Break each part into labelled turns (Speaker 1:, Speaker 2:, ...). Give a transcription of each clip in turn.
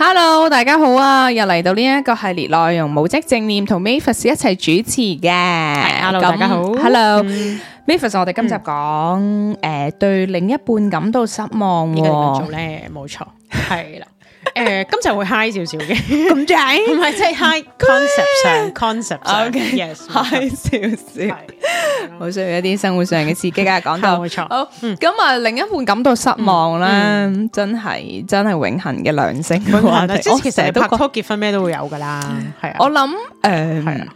Speaker 1: Hello，大家好啊！又嚟到呢一個系列內容，無執正念同 May 法師一齊主持嘅。h e l l o 大家好。Hello，May 法師、嗯，is, 我哋今集講誒、嗯呃、對另一半感到失望，點解要做咧？冇錯，係啦。
Speaker 2: 誒，uh, 今集會 high 少少嘅，咁正？唔係即係 high concept 上 concept 上、okay. yes,，high 少少，
Speaker 1: 好需要一啲生活上嘅刺激啊！講到冇錯好，咁啊、喔嗯，另一半感到失望啦、嗯，真係真係永恆嘅兩性話題。我成日拍拖結婚咩都會有噶啦，係啊、uh.。我諗誒，係啊。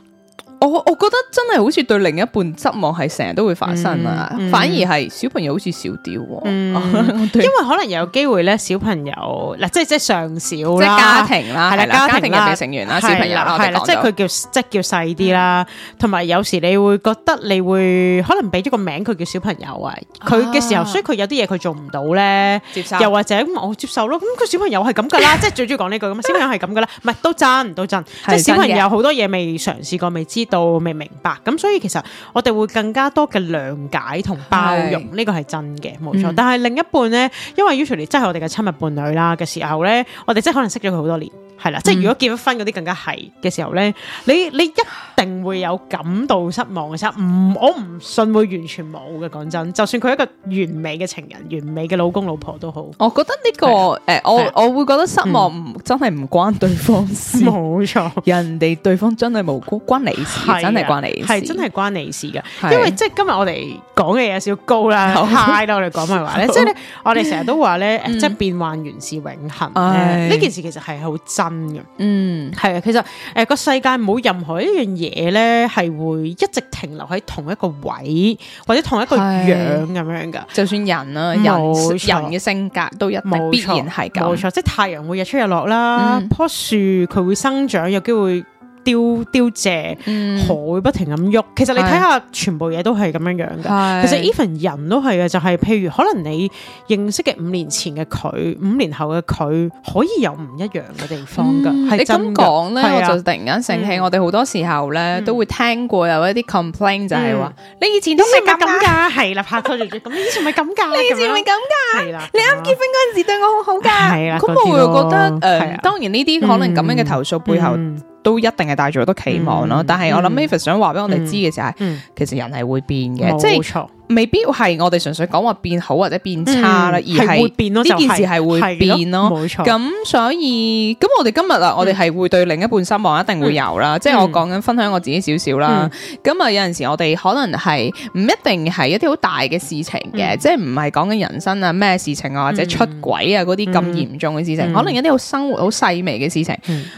Speaker 1: 我我覺得真係好似對另一半失望係成日都會發生啊，反而係小朋友好似少啲喎，因為可能有機會
Speaker 2: 咧，小朋友嗱即係即係尚少啦，家庭啦係啦，家庭入邊成員啦，小朋友啦係啦，即係佢叫即係叫細啲啦，同埋有時你會覺得你會可能俾咗個名佢叫小朋友啊，佢嘅時候，所以佢有啲嘢佢做唔到咧，又或者咁我接受咯，咁佢小朋友係咁㗎啦，即係最中意講呢句咁啊，小朋友係咁㗎啦，唔係都真都真，即係小朋友好多嘢未嘗試過，未知。都未明白，咁所以其實我哋會更加多嘅諒解同包容，呢個係真嘅，冇錯。嗯、但係另一半呢，因為 Usually 真係我哋嘅親密伴侶啦嘅時候呢，我哋真係可能識咗佢好多年。.係啦，即係如果結咗婚嗰啲更加係嘅時候咧，你你一定會有感到失望嘅時候，唔，我唔信會完全冇嘅。講真，就算佢一個完美嘅情人，完美嘅老公，老婆都好，
Speaker 1: 我覺得呢個誒，我我會覺得失望，唔，真係唔關對方事，冇錯，人哋對方真係無辜，關你事，真係關你事，係真
Speaker 2: 係關你事嘅，因為即係今日我哋講嘅嘢，少高啦，high 啦，我哋講埋話咧，即係咧，我哋成日都話咧，即係變幻原是永恒咧，呢件事其實係好真。嗯，嗯，係啊，其實誒個、呃、世界冇任何一樣嘢咧，係會一直停留喺同一個位
Speaker 1: 或者同一個樣咁唉樣噶。就算人啦、啊錯，人人嘅性格都一定必然係咁。冇錯，即係太陽會日出日落啦，嗯、
Speaker 2: 棵樹佢會生長，有機會。掉掉謝，海不停咁喐。其實你睇下，全部嘢都係咁樣樣噶。其實 even 人都係嘅，就係譬如可能你認識嘅五年前嘅佢，五年後嘅佢，可以有唔一樣嘅地方噶。你咁講咧，我就突
Speaker 1: 然間醒起，我哋好多時候咧都會聽過有一啲 complain，就係話你以前都係咁噶，係啦，拍拖住住咁，以前咪咁噶，你以前咪咁噶，係啦，你啱結婚嗰陣時對我好好噶，係啦。咁我會覺得誒，當然呢啲可能咁樣嘅投訴背後。都一定係帶住好多期望咯、嗯，但係我諗 Mavis 想話俾、嗯、我哋知嘅就係，其實人係會變嘅，即係，冇錯。未必係我哋純粹講話變好或者變差啦，而係會變，呢件事係會變咯。咁所以咁我哋今日啦，我哋係會對另一半失望，一定會有啦。即係我講緊分享我自己少少啦。咁啊，有陣時我哋可能係唔一定係一啲好大嘅事情嘅，即係唔係講緊人生啊咩事情啊，或者出軌啊嗰啲咁嚴重嘅事情，可能一啲好生活好細微嘅事情，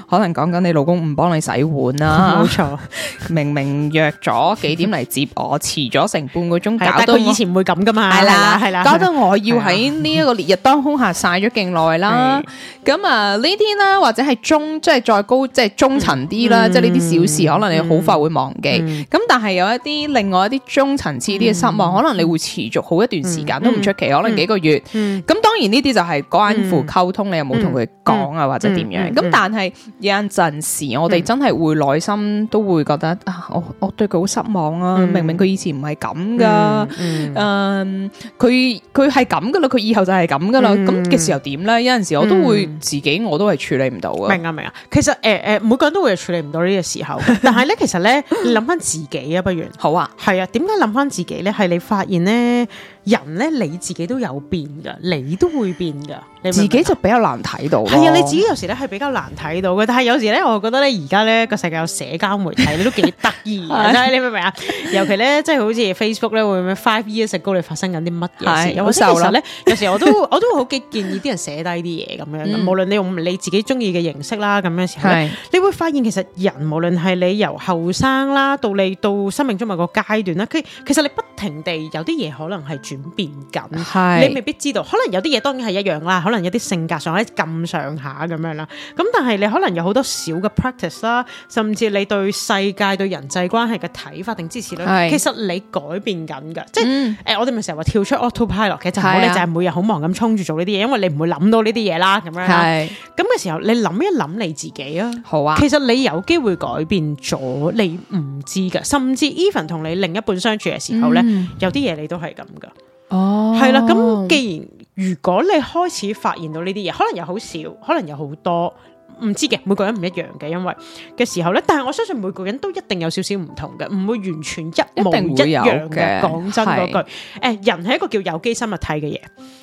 Speaker 1: 可能講緊你老公唔幫你洗碗啦。冇錯，明明約咗幾點嚟接我，遲咗成半個鐘搞。佢以前唔會咁噶嘛？係啦，係啦，搞得我要喺呢一個烈日當空下曬咗勁耐啦。咁啊，呢啲啦，或者係中，即係再高，即係中層啲啦，即係呢啲小事，可能你好快會忘記。咁但係有一啲另外一啲中層次啲嘅失望，可能你會持續好一段時間都唔出奇，可能幾個月。咁當然呢啲就係關乎溝通，你有冇同佢講啊，或者點樣？咁但係有陣時，我哋真係會內心都會覺得，我我對佢好失望啊！明明佢以前唔係咁噶。嗯，佢佢係咁噶啦，佢以後就係咁噶啦，咁嘅、嗯、時候點咧？有陣時我都會自己我都係處理唔到嘅。明啊明啊，其實誒誒、呃呃，每個人都會處理唔
Speaker 2: 到呢個時候， 但係咧其實咧，你諗翻 自己啊，不如，好啊，係啊，點解諗翻自己咧？係你發現咧。人咧，你自己都有變㗎，你都會變㗎。你自
Speaker 1: 己就比較難睇到。係啊，你自己
Speaker 2: 有時咧係比較難睇到嘅。但係有時咧，我覺得咧而家咧個世界有社交媒體，你都幾得意。 你明唔明啊？ 尤其咧，即係好似 Facebook 咧會咩 Five Years Ago 你發生緊啲乜嘢事有冇受啦？有時， 有時我都我都好建議啲人寫低啲嘢咁樣。嗯、無論你用你自己鍾意嘅形式啦，咁嘅時候是你會發現其實人無論係你由後生啦，到你到生命中某個階段啦，其其實你不停地有啲嘢可能係變緊，你未必知道，可能有啲嘢當然係一樣啦，可能有啲性格上喺咁上下咁樣啦。咁但係你可能有好多小嘅 practice 啦，甚至你對世界、對人際關係嘅睇法、定支持咧，是其實你改變緊噶。即係誒、嗯欸，我哋咪成日話跳出 autopilot 嘅狀態，啊、就係每日好忙咁衝住做呢啲嘢，因為你唔會諗到呢啲嘢啦。咁樣係咁嘅時候，你諗一諗你自己啊。好啊，其實你有機會改變咗，你唔知噶，甚至 even 同你另一半相處嘅時候咧，嗯、有啲嘢你都係咁噶。哦，係啦，咁既然如果你開始發現到呢啲嘢，可能又好少，可能有好多，唔知嘅，每個人唔一樣嘅，因為嘅時候咧，但係我相信每個人都一定有少少唔同嘅，唔會完全一模一樣嘅。講真嗰句，誒，人係一個叫有機生物體嘅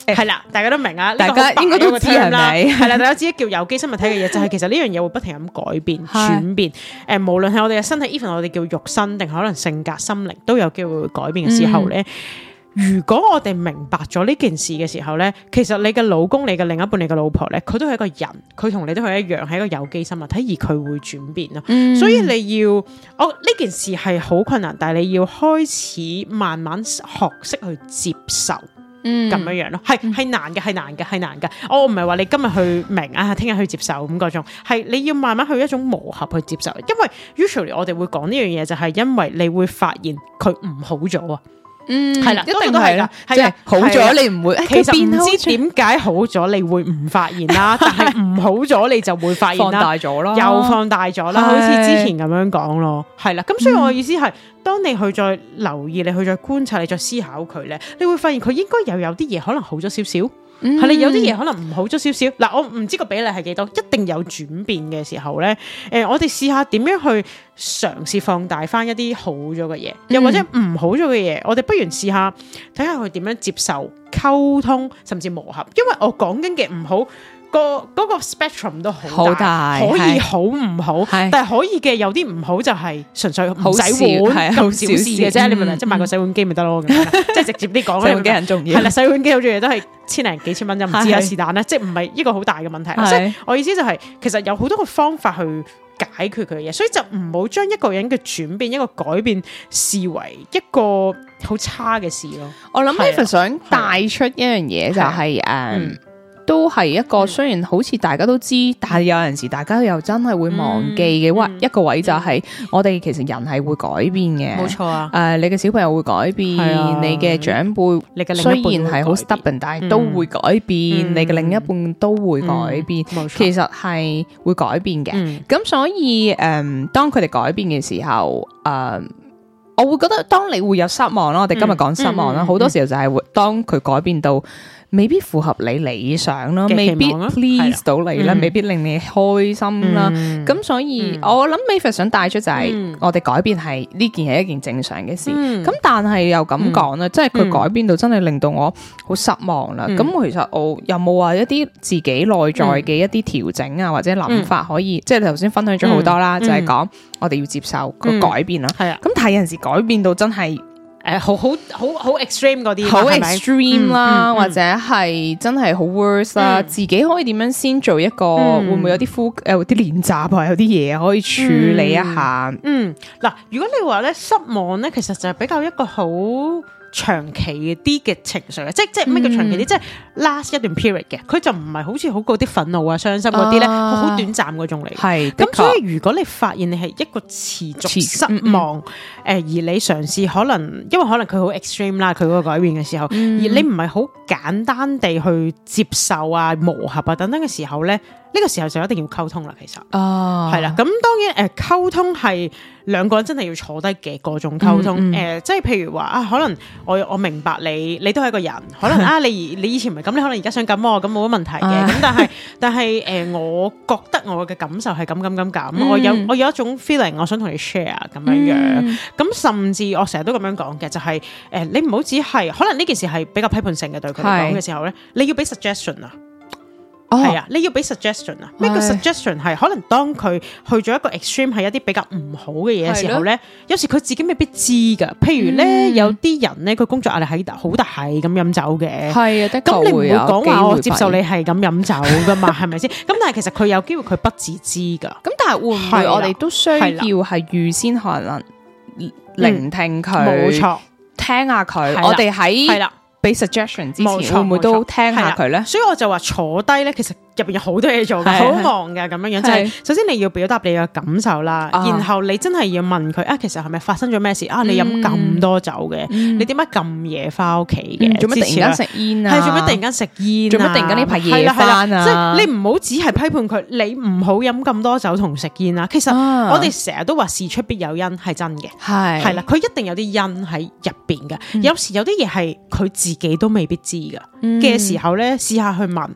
Speaker 2: 嘢，係啦，大家都明啊，大家應該都知啦，係啦，大家知叫有機生物體嘅嘢，就係其實呢樣嘢會不停咁改變、轉變。誒，無論係我哋嘅身體，even 我哋叫肉身，定可能性格、心靈，都有機會會改變嘅時候咧。如果我哋明白咗呢件事嘅時候呢，其實你嘅老公，你嘅另一半、你嘅老婆呢，佢都係一個人，佢同你都係一樣，係一個有機生物體，而佢會轉變咯。嗯、所以你要，我呢件事係好困難，但係你要開始慢慢學識去接受，咁、嗯、樣樣咯，係係難嘅，係難嘅，係難嘅。我唔係話你今日去明啊，聽日去接受咁嗰種，係你要慢慢去一種磨合去接受。因為 usually 我哋會講呢樣嘢，就係因為你會發現佢唔好咗啊。嗯，係啦，一定都係啦，係啊，好咗你唔會，其實唔知點解好咗你會唔發現啦，但係唔好咗你就會發現啦，又放大咗啦，又放大咗啦，好似之前咁樣講咯，係啦，咁所以我嘅意思係，當你去再留意，你去再觀察，你再思考佢咧，你會發現佢應該又有啲嘢，可能好咗少少。係啦，有啲嘢可能唔好咗少少。嗱、嗯，我唔知個比例係幾多，一定有轉變嘅時候咧。誒、呃，我哋試下點樣去嘗試放大返一啲好咗嘅嘢，又或者唔好咗嘅嘢。我哋不如試下睇下佢點樣接受、溝通，甚至磨合。因為我講緊嘅唔好。個嗰個 spectrum 都好大，可以好唔好，但係可以嘅，有啲唔好就係純粹唔使碗咁小事嘅啫。你咪即係買個洗碗機咪得咯，即係直接啲講，洗碗機好重要。係啦，洗碗機好重要，都係千零幾千蚊，就唔知係是但咧，即係唔係一個好大嘅問題。所以我意思就係，其實有好多個方法去解決佢嘅嘢，所以就唔好將一個人嘅轉變、一個改變視為一個好差
Speaker 1: 嘅事咯。我諗 Eva 想帶出一樣嘢就係誒。都係一個雖然好似大家都知，但係有陣時大家又真係會忘記嘅。位一個位就係我哋其實人係會改變嘅，冇錯啊。誒，你嘅小朋友會改變，你嘅長輩，雖然係好 stubborn，但係都會改變，你嘅另一半都會改變。冇錯，其實係會改變嘅。咁所以誒，當佢哋改變嘅時候，誒，我會覺得當你會有失望咯。我哋今日講失望啦，好多時候就係會當佢改變到，未必符合你理想咯，未必 please 到你啦，未必令你開心啦。咁所以，我諗美 a 想帶出就係，我哋改變係呢件係一件正常嘅事。咁但係又咁講啦，即係佢改變到真係令到我好失望啦。咁其實我有冇話一啲自己內在嘅一啲調整啊，或者諗法可以？即係頭先分享咗好多啦，就係講我哋要接受個改變啦。係啊，咁有陣時改變到真係。誒、呃，好好好好 extreme 嗰啲，係咪？好 extreme 啦，嗯嗯嗯、或者係真係好 worse 啦、嗯，自己可以點樣先做一個？嗯、會唔會有啲敷誒，啲練習啊，有啲嘢可以處理一下？嗯，
Speaker 2: 嗱、嗯，如果你話咧失望咧，其實就係比較一個好。長期啲嘅情緒啊，即即咩叫長期啲？嗯、即 last 一段 period 嘅，佢就唔係好似好過啲憤怒啊、傷心嗰啲咧，好、啊、短暫嗰種嚟。係，咁所以如果你發現你係一個持續失望，誒、嗯嗯、而你嘗試可能因為可能佢好 extreme 啦，佢嗰個改變嘅時候，嗯、而你唔係好簡單地去接受啊、磨合啊等等嘅時候咧。呢個時候就一定要溝通啦，其實、
Speaker 1: oh.，係啦，
Speaker 2: 咁當然，誒，溝通係兩個人真係要坐低嘅嗰種溝通，誒、mm hmm. 呃，即係譬如話啊，可能我我明白你，你都係一個人，可能啊，你你以前唔係咁，你可能而家想咁，咁冇乜問題嘅，咁但係但係，誒、呃，我覺得我嘅感受係咁咁咁咁，我有、mm hmm. 我有一種 feeling，我想同你 share 咁樣樣，咁甚至我成日都咁樣講嘅，就係、是，誒、呃，你唔好只係，可能呢件事係比較批判性嘅對佢講嘅時候咧，你要俾 suggestion 啊。 係啊，你要俾 suggestion 啊。呢個 suggestion，係可能當佢去咗一個 extreme，係一啲比較唔好嘅嘢嘅時候咧，有時佢自己未必知噶。譬如咧，有啲人咧，佢工作壓力喺好大，係咁飲酒嘅。係啊，咁你唔會講話我接受你係咁飲酒噶嘛？係咪先？咁但係其實佢有機會佢不自知噶。
Speaker 1: 咁但係會唔會我哋都需要係預先可能聆聽佢，冇錯，聽下佢。我哋喺係啦。俾 suggestion 之前會唔會都聽下佢咧？所以我就話坐低
Speaker 2: 咧，其實。入邊有好多嘢做嘅，好忙嘅，咁樣樣就係首先你要表達你嘅感受啦，然後你真係要問佢啊，其實係咪發生咗咩事啊？你飲咁多酒嘅，你點解咁夜翻屋企嘅？做乜突然間食煙啊？係做乜突然間食煙？做乜突然間呢排夜翻啊？即係你唔好只係批判佢，你唔好飲咁多酒同食煙啦。其實我哋成日都話事出必有因，係真嘅，係係啦，佢一定有啲因喺入邊嘅。有時有啲嘢係佢自己都未必知嘅，嘅時候咧，試下去問，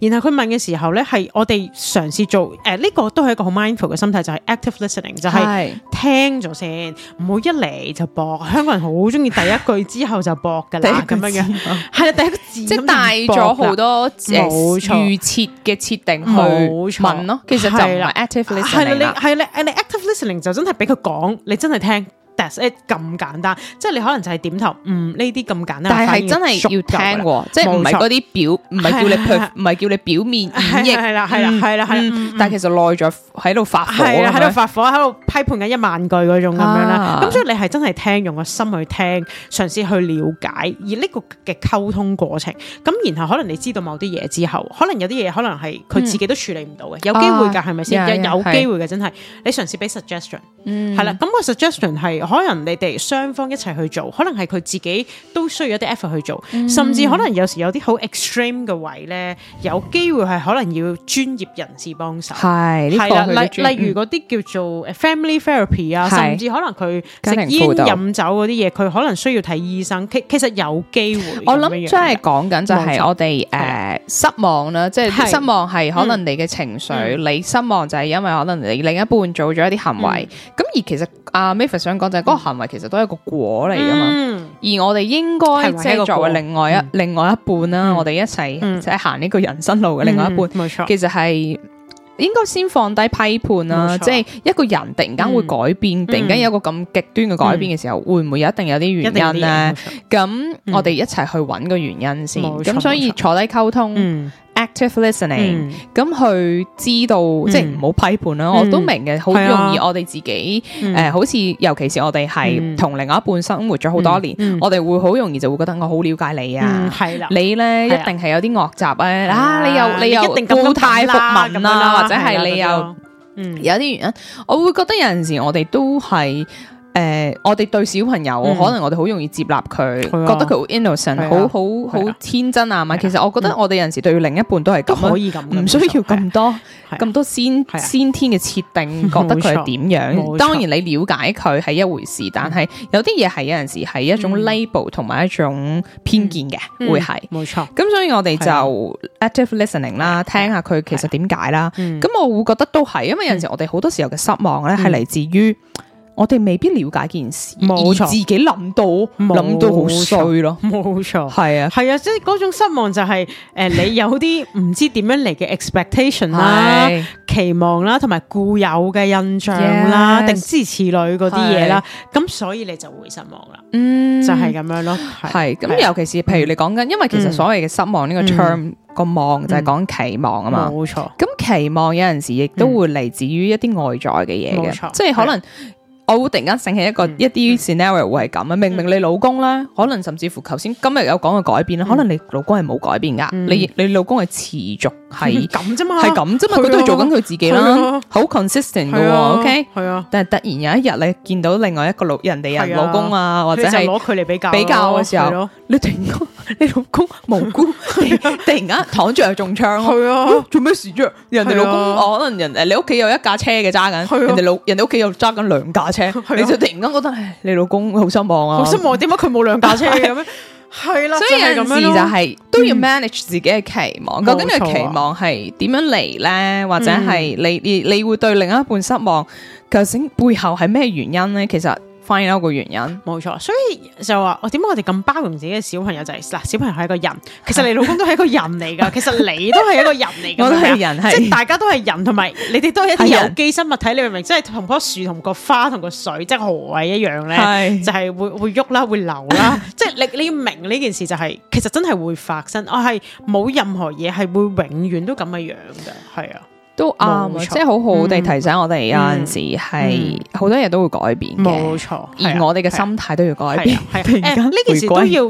Speaker 2: 然後佢問嘅。時候咧，係我哋嘗試做誒，呢、呃，這個都係一個好 mindful 嘅心態，就係、是、active listening，是就係聽咗先，唔好一嚟就駁。香港人好中意第一句 之後
Speaker 1: 就駁噶啦，咁樣嘅係啊，第一個字即係帶咗好多誒錯預設嘅設定去問咯。錯其實就係啦，active listening，係你係你 active
Speaker 2: listening 就真係俾佢講，你真係聽。誒咁簡單，即係你可能就係點頭，嗯呢
Speaker 1: 啲咁簡單。但係真係要聽嘅，即係唔係嗰啲表，唔係叫你表，唔係叫你表面。係啦，係啦，係啦，係啦。但係其實耐咗喺度發火，喺度發
Speaker 2: 火，喺度批判緊一萬句嗰種咁樣啦。咁所以你係真係聽，用個心去聽，嘗試去了解。而呢個嘅溝通過程，咁然後可能你知道某啲嘢之後，可能有啲嘢可能係佢自己都處理唔到嘅，有機會㗎，係咪先？有機會嘅真係，你嘗試俾 suggestion，
Speaker 1: 係啦。
Speaker 2: 咁個 suggestion 係。可能你哋雙方一齊去做，可能係佢自己都需要一啲 effort 去做，甚至可能有時有啲好 extreme 嘅位咧，有機會係可能要專業人士幫手。係係啦，例例如嗰啲叫做誒 family therapy 啊，甚至可能佢食煙飲酒嗰啲嘢，佢可能需要睇醫生。其
Speaker 1: 其實有機會，我諗真係講緊就係我哋誒失望啦，即係失望係可能你嘅情緒，你失望就係因為可能你另一半做咗一啲行為咁。其實阿 Mavis 想講就係嗰個行為其實都係一個果嚟㗎嘛，而我哋應該即係作為另外一另外一半啦，我哋一齊即係行呢個人生路嘅另外一半。冇錯，其實係應該先放低批判啦，即係一個人突然間會改變，突然間有一個咁極端嘅改變嘅時候，會唔會有一定有啲原因咧？咁我哋一齊去揾個原因先。咁所以坐低溝通。Active listening，咁去知道即係唔好批判啦，我都明嘅，好容易我哋自己誒，好似尤其是我哋係同另外一半生活咗好多年，我哋會好容易就會覺得我好了解你啊。係啦，你咧一定係有啲惡習啊，啊你又你又一定故態復萌啦，或者係你又嗯有啲原因，我會覺得有陣時我哋都係。誒，我哋對小朋友，可能我哋好容易接納佢，覺得佢好 innocent，好好好天真啊嘛。其實我覺得我哋有陣時對另一半都係都可以咁，唔需要咁多咁多先先天嘅設定，覺得佢係點樣。當然你了解佢係一回事，但係有啲嘢係有陣時係一種 label 同埋一種偏見嘅，會係，冇錯。咁所以我哋就 active listening 啦，聽下佢其實點解啦。咁我會覺得都係，因為有陣時我哋好多時候嘅失望咧，係嚟自於。我哋未必了解件事，冇錯，而自己諗到諗到好衰咯。冇錯，係啊，係
Speaker 2: 啊，即係嗰種失望就係誒，你有啲唔知點樣嚟嘅 expectation 啦、期望啦，同埋固有嘅印象啦，定
Speaker 1: 諸如此類嗰啲嘢啦，
Speaker 2: 咁所以你就會失望啦。嗯，就係咁樣咯。
Speaker 1: 係，咁尤其是譬如你講緊，因為其實所謂嘅失望呢個 term 個望就係講期望啊嘛。冇錯。咁期望有陣時亦都會嚟自於一啲外在嘅嘢嘅，即係可能。我會突然間醒起一個一啲 scenario 會係咁啊！明明你老公咧，可能甚至乎頭先今日有講嘅改變啦，可能你老公係冇改變噶，你你老公係持續係咁啫嘛，係咁啫嘛，佢都係做緊佢自己啦，好 consistent 嘅，OK？係啊，但係突然有一日你見到另外一個老人哋啊老公啊，或者係攞佢嚟比較比較嘅時候，你突然間你老公無辜，突然間躺住又中槍啊，做咩事啫？人哋老公，可能人哋，你屋企有一架車嘅揸緊，人哋老人哋屋企又揸緊兩架。 你就突然間覺得唉，你老公好失望啊！好失望，點解佢冇兩架車嘅咩？
Speaker 2: 係啦 了，所以件事就係、
Speaker 1: 是嗯、都要 manage 自己嘅期望。錯究竟嘅期望係點樣嚟咧？或者係你、嗯、你會對另一半失望，究竟背後係咩原因咧？其實。翻一個原因，冇錯，所以就話我點解我哋咁包
Speaker 2: 容自己嘅小朋友就係、是、嗱，小朋友係一個人，其實你老公都係一個人嚟噶， 其實你都係一個人嚟， 我都係人，即係大家都係人，同埋 你哋都係一啲有機生物體，人你明唔明？即係同棵樹、同個花、同個水、即、就、係、是、河位一樣咧，是 就係會會喐啦，會流啦，即係 你你要明呢件事就係、是，其實真係會發生，我係冇任何嘢係會永遠都咁嘅樣噶，係啊。都啱，冇錯，即係好好地提
Speaker 1: 醒我哋、嗯，有陣時係好多嘢都會改變嘅，冇錯，而我哋嘅心態、啊、都要改變。誒、啊，呢、啊啊呃、件事都要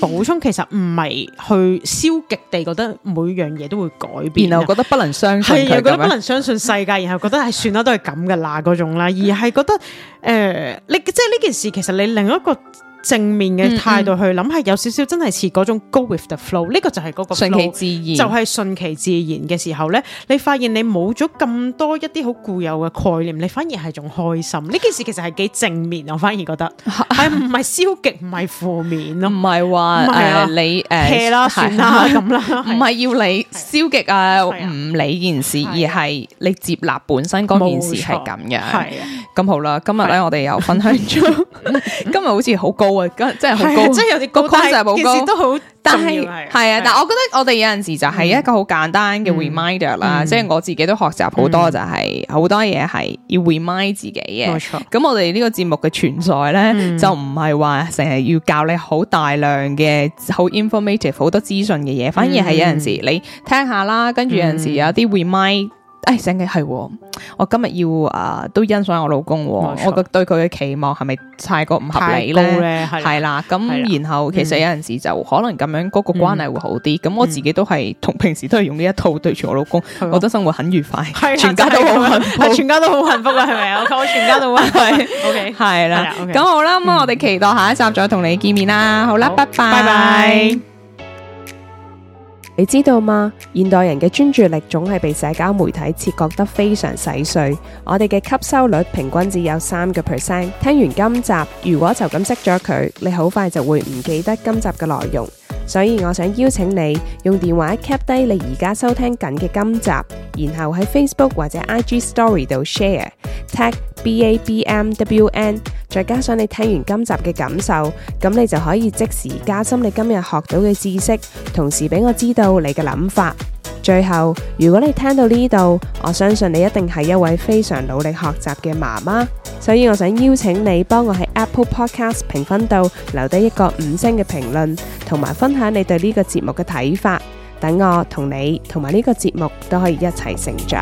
Speaker 2: 補充，其實唔係去消極地覺得每樣嘢都會改變，然後覺得
Speaker 1: 不能相信，係又覺得不能
Speaker 2: 相信世界， 然後覺得誒算啦，都係咁噶啦嗰種啦，而係覺得誒、呃，你即係呢件事，其實你另一個。正面嘅態度去諗，係有少少真係似嗰種 go with the flow，呢個就係嗰個 flow，順其自然，就係順其自然嘅時候咧，你發現你冇咗咁多一啲好固有嘅概念，你反而係仲開心。呢件事其實係幾正面，我反而覺得係唔係消極，唔係負面啊，唔
Speaker 1: 係話誒你誒，hea 啦算啦咁啦，唔係要你消極啊，唔理件事，而係你接納本身嗰件事係咁樣。係啊，咁好啦，今日咧我哋又分享咗，今日好似好高。真係好高，的即係有啲個 concept 高，但都好重要係。係啊，但係我覺得我哋有陣時就係一個好簡單嘅 reminder 啦、嗯，嗯、即係我自己都學習好多，就係好多嘢係要 remind 自己嘅。冇錯錯，咁我哋呢個節目嘅存在咧，嗯、就唔係話成日要教你好大量嘅好 informative 好多資訊嘅嘢，反而係有陣時你聽下啦，跟住有陣時有啲 remind。誒，醒嘅係，我今日要啊，都欣賞我老公，我覺對佢嘅期望係咪太過唔合理咧？係啦，咁然後其實有陣時就可能咁樣嗰個關係會好啲。咁我自己都係同平時都係用呢一套對住我老公，我覺得生活很愉快，全家都好，係全家都好幸福啊？係咪啊？我我全家都關係，OK，係啦。咁好啦，咁我哋期待下一集再同你見面啦。好啦，拜拜。你知道嗎？現代人嘅專注力總係被社交媒體切割得非常細碎，我哋嘅吸收率平均只有三個 percent。聽完今集，如果就咁熄咗佢，你好快就會唔記得今集嘅內容。所以我想邀請你用電話 cap 低你而家收聽緊嘅今集，然後喺 Facebook 或者 IG Story 度 share tag BABMWN，再加上你聽完今集嘅感受，咁你就可以即時加深你今日學到嘅知識，同時俾我知道你嘅諗法。最後，如果你聽到呢度，我相信你一定係一位非常努力學習嘅媽媽，所以我想邀請你幫我喺 Apple Podcast 評分度留低一個五星嘅評論。同埋分享你對呢個節目嘅睇法，等我同你同埋呢個節目都可以一齊成長。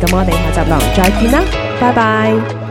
Speaker 1: 咁我哋下集再見啦，拜拜。